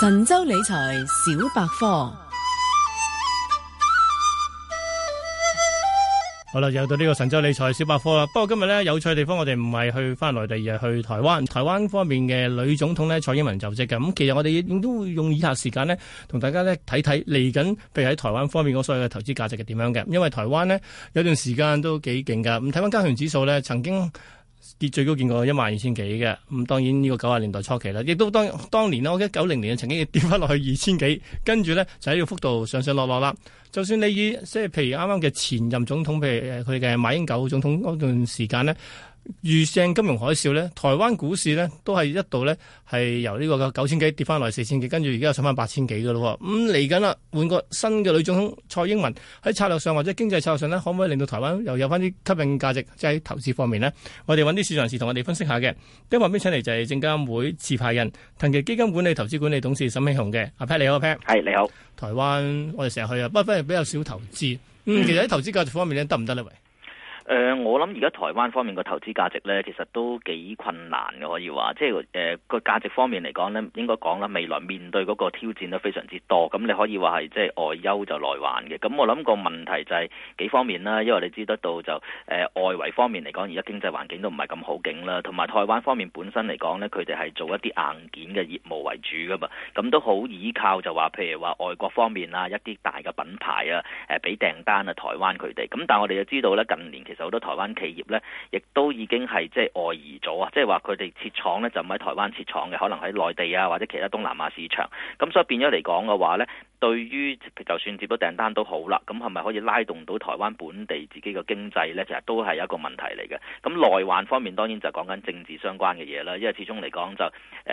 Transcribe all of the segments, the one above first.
神州理財小百科。好啦，又到呢個神州理財小百科啦。不過今日呢，有趣嘅地方，我哋唔係去翻內地，而係去台灣。台灣方面嘅女總統呢，蔡英文就職嘅。咁、嗯、其實我哋亦都會用以下時間呢，同大家呢睇睇嚟緊，譬如喺台灣方面嗰所有嘅投資價值係點樣嘅。因為台灣呢，有段時間都幾勁噶。咁睇翻加權指數呢，曾經。跌最高見過一萬二千幾嘅，咁當然呢個九十年代初期啦，亦都當當年啦，我記得九零年曾經跌翻落去二千幾，跟住呢就喺呢個幅度上上落落啦。就算你以即係譬如啱啱嘅前任總統，譬如佢嘅馬英九總統嗰段時間呢，遇上金融海嘯呢，台灣股市呢，都係一度呢，係由呢個九千幾跌翻落去四千幾，跟住而家又上翻八千幾嘅咯。咁嚟緊啦，換個新嘅女總統蔡英文喺策略上或者經濟策略上呢，可唔可以令到台灣又有翻啲吸引價值，即係投資方面呢，我哋揾啲市場人士同我哋分析下嘅。今日邊請嚟就係證監會持牌人騰其基金管理投資管理董事沈慶洪嘅，阿、啊、Pat 你好，啊、，Pat。係你好，台灣我哋成日去啊，不過比較少投資。嗯、其實喺投資價值方面咧，得唔得呢？喂、嗯。誒、呃，我諗而家台灣方面個投資價值呢，其實都幾困難嘅，可以話，即係誒個價值方面嚟講呢，應該講啦，未來面對嗰個挑戰都非常之多。咁你可以話係即係外憂就內患嘅。咁我諗個問題就係幾方面啦，因為你知得到就誒、呃、外圍方面嚟講，而家經濟環境都唔係咁好景啦。同埋台灣方面本身嚟講呢，佢哋係做一啲硬件嘅業務為主噶嘛，咁都好依靠就話譬如話外國方面啊，一啲大嘅品牌啊，誒俾訂單啊台灣佢哋。咁但係我哋就知道呢，近年就好多台灣企業咧，亦都已經係即係外移咗啊，即係話佢哋設廠咧，就唔喺台灣設廠嘅，可能喺內地啊，或者其他東南亞市場。咁所以變咗嚟講嘅話咧。對於就算接到訂單都好啦，咁係咪可以拉動到台灣本地自己嘅經濟呢？其實都係一個問題嚟嘅。咁內環方面當然就講緊政治相關嘅嘢啦，因為始終嚟講就誒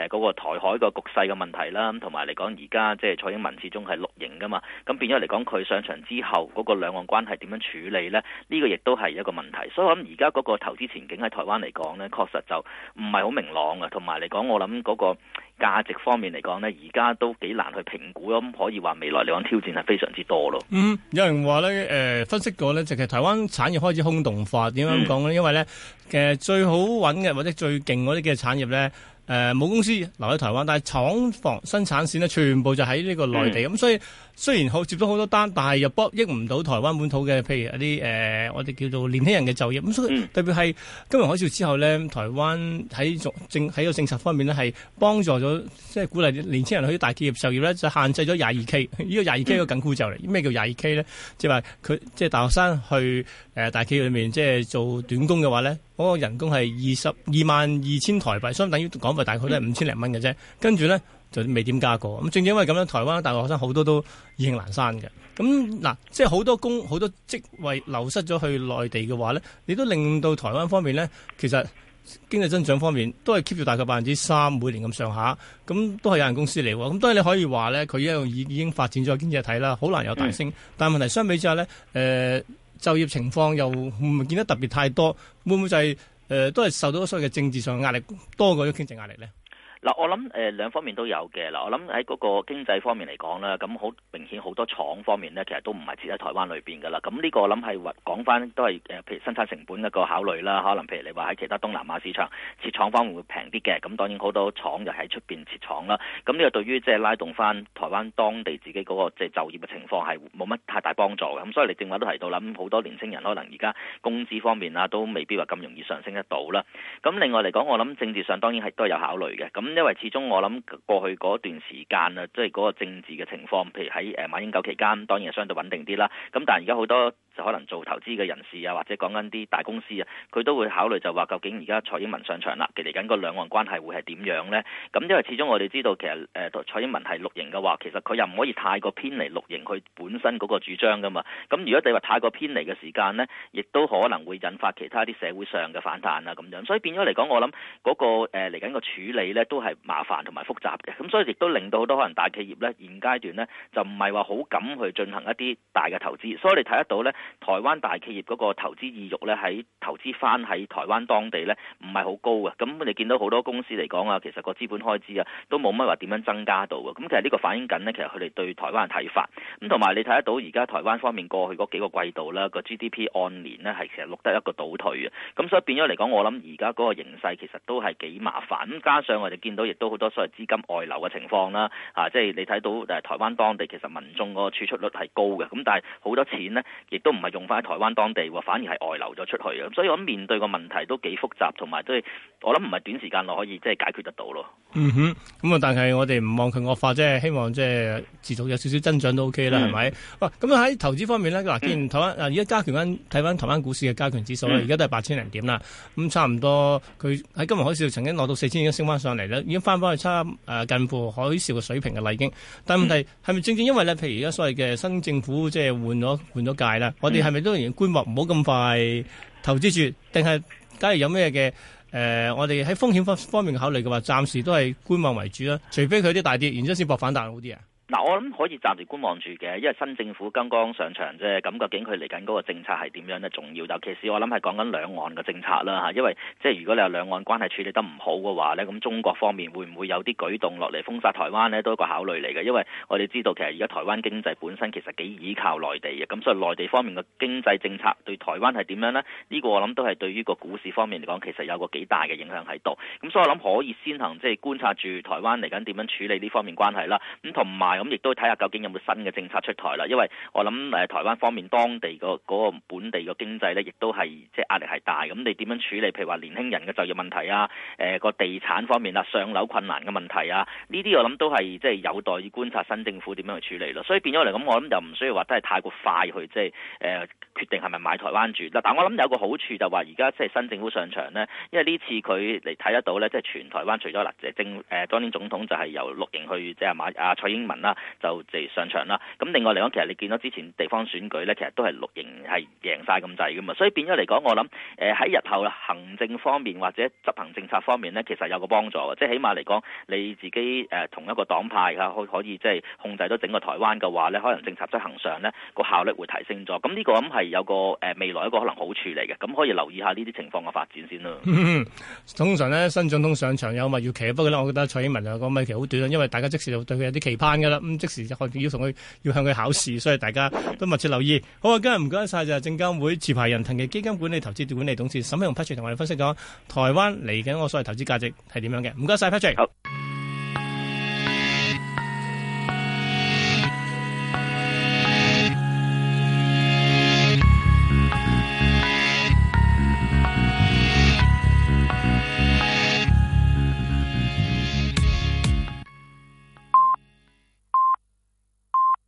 嗰個台海個局勢嘅問題啦，同埋嚟講而家即係蔡英文始終係綠營噶嘛，咁變咗嚟講佢上場之後嗰個兩岸關係點樣處理呢？呢個亦都係一個問題。所以我諗而家嗰個投資前景喺台灣嚟講呢，確實就唔係好明朗嘅，同埋嚟講我諗嗰個。價值方面嚟講呢，而家都幾難去評估囉，咁可以話未來嚟講挑戰係非常之多咯。嗯，有人話呢，誒、呃，分析過呢，即係台灣產業開始空洞化，點樣講呢？嗯、因為其實、呃、最好搵嘅或者最勁嗰啲嘅產業呢，誒、呃，冇公司留喺台灣，但係廠房生產線呢，全部就喺呢個內地，咁、嗯嗯、所以。雖然好接咗好多單，但係又博益唔到台灣本土嘅，譬如一啲誒，我哋叫做年輕人嘅就業。咁、嗯、所以特別係金融海嘯之後呢，台灣喺政喺個政策方面呢係幫助咗即係鼓勵年輕人去大企業就業呢，就限制咗廿二 K。呢個廿二 K 係一個緊箍咒嚟。咩叫廿二 K 呢？即係話佢即係大學生去誒大企業裏面即係、就是、做短工嘅話呢，嗰、那個人工係二十二萬二千台幣，相等於港幣大概都係五千零蚊嘅啫。跟住呢。就未點加過，咁正正因為咁樣，台灣大學學生好多都意興闌珊嘅。咁、嗯、嗱，即係好多工好多職位流失咗去內地嘅話咧，你都令到台灣方面咧，其實經濟增長方面都係 keep 住大概百分之三每年咁上下，咁都係有限公司嚟。咁當然你可以話咧，佢一樣已已經發展咗經濟體啦，好難有大升。但係問題相比之下咧，誒、呃、就業情況又唔見得特別太多，會唔會就係、是、誒、呃、都係受到所謂嘅政治上壓力多過咗經濟壓力咧？嗱，我諗誒、呃、兩方面都有嘅。嗱，我諗喺嗰個經濟方面嚟講咧，咁好明顯好多廠方面呢，其實都唔係設喺台灣裏邊噶啦。咁呢個我諗係話講翻都係誒、呃，譬如生產成本一個考慮啦。可能譬如你話喺其他東南亞市場設廠方面會平啲嘅。咁當然好多廠就喺出邊設廠啦。咁呢個對於即係拉動翻台灣當地自己嗰個即係就業嘅情況係冇乜太大幫助嘅。咁所以你正話都提到啦，咁好多年青人可能而家工資方面啦，都未必話咁容易上升得到啦。咁另外嚟講，我諗政治上當然係都有考慮嘅。咁因為始終我諗過去嗰段時間啊，即係嗰個政治嘅情況，譬如喺誒馬英九期間，當然係相對穩定啲啦。咁但係而家好多。就可能做投資嘅人士啊，或者講緊啲大公司啊，佢都會考慮就話究竟而家蔡英文上場啦，其嚟緊個兩岸關係會係點樣呢？咁因為始終我哋知道其實誒、呃、蔡英文係綠營嘅話，其實佢又唔可以太過偏離綠營佢本身嗰個主張噶嘛。咁如果你話太過偏離嘅時間呢，亦都可能會引發其他啲社會上嘅反彈啊咁樣。所以變咗嚟講，我諗嗰、嗰個嚟緊個處理呢都係麻煩同埋複雜嘅。咁所以亦都令到好多可能大企業呢，現階段呢，就唔係話好敢去進行一啲大嘅投資。所以你睇得到呢。台灣大企業嗰個投資意欲咧，喺投資翻喺台灣當地咧，唔係好高嘅。咁你見到好多公司嚟講啊，其實個資本開支啊，都冇乜話點樣增加到嘅。咁其實呢個反映緊呢，其實佢哋對台灣嘅睇法。咁同埋你睇得到而家台灣方面過去嗰幾個季度啦，個 GDP 按年呢係其實錄得一個倒退嘅。咁所以變咗嚟講，我諗而家嗰個形勢其實都係幾麻煩。咁加上我哋見到亦都好多所謂資金外流嘅情況啦。啊，即係你睇到誒台灣當地其實民眾個儲蓄率係高嘅。咁但係好多錢呢，亦都唔係用翻喺台灣當地喎，反而係外流咗出去啊！所以我面對個問題都幾複雜，同埋都係我諗唔係短時間內可以即係解決得到咯。嗯哼，咁啊，但係我哋唔望佢惡化，即係希望即係持續有少少增長都 OK 啦，係咪、嗯？咁喺、啊、投資方面呢，嗱，既然台灣而家、嗯、加權睇翻台灣股市嘅加權指數而家都係八千零點啦。咁差唔多，佢喺金融海嘯曾經攞到四千已經升翻上嚟啦，已經翻翻去差誒近乎海嘯嘅水平嘅啦已經。但係問題係咪正正因為咧？譬如而家所謂嘅新政府即係換咗換咗屆咧？我哋係咪都仍然觀望，唔好咁快投資住？定係假如有咩嘅？誒，我哋喺風險方方面考慮嘅話，暫時都係觀望為主啦。除非佢啲大跌，然之後先搏反彈好啲啊！嗱、啊，我諗可以暫時觀望住嘅，因為新政府剛剛上場啫，咁究竟佢嚟緊嗰個政策係點樣咧？重要，尤其是我諗係講緊兩岸嘅政策啦嚇、啊，因為即係如果你有兩岸關係處理得唔好嘅話咧，咁中國方面會唔會有啲舉動落嚟封殺台灣咧？都係一個考慮嚟嘅，因為我哋知道其實而家台灣經濟本身其實幾倚靠內地嘅，咁所以內地方面嘅經濟政策對台灣係點樣呢？呢、呢個我諗都係對於個股市方面嚟講，其實有個幾大嘅影響喺度。咁所以我諗可以先行即係觀察住台灣嚟緊點樣處理呢方面關係啦。咁同埋，咁亦都睇下究竟有冇新嘅政策出台啦，因為我諗誒、呃、台灣方面當地、嗰個嗰本地個經濟咧，亦都係即係壓力係大。咁、嗯、你點樣處理？譬如話年輕人嘅就業問題啊，誒、呃、個地產方面啊，上樓困難嘅問題啊，呢啲我諗都係即係有待於觀察新政府點樣去處理咯。所以變咗嚟咁，我諗就唔需要話真係太過快去即係誒決定係咪買台灣住。嗱，但我諗有個好處就話而家即係新政府上場咧，因為呢次佢嚟睇得到咧，即係全台灣除咗嗱誒政誒當年總統就係由綠營去即係買阿蔡英文啦、啊。就即上場啦。咁另外嚟講，其實你見到之前地方選舉呢，其實都係綠營係贏晒咁滯㗎嘛。所以變咗嚟講，我諗誒喺日後行政方面或者執行政策方面呢，其實有個幫助嘅。即係起碼嚟講，你自己誒、呃、同一個黨派啊，可以即係控制到整個台灣嘅話咧，可能政策執行上呢個效率會提升咗。咁、嗯、呢、這個咁係、嗯、有個誒、呃、未來一個可能好處嚟嘅。咁、嗯、可以留意下呢啲情況嘅發展先啦、嗯。通常呢，新總統上場有蜜月期。不過咧，我覺得蔡英文個蜜月期好短，因為大家即時就對佢有啲期盼。咁即時就要同佢，要向佢考試，所以大家都密切留意。好啊，今日唔該晒就係證監會持牌人騰嘅基金管理投資管理董事沈慶洪同 Patrick 同我哋分析講台灣嚟緊個所謂投資價值係點樣嘅。唔該晒 Patrick。好。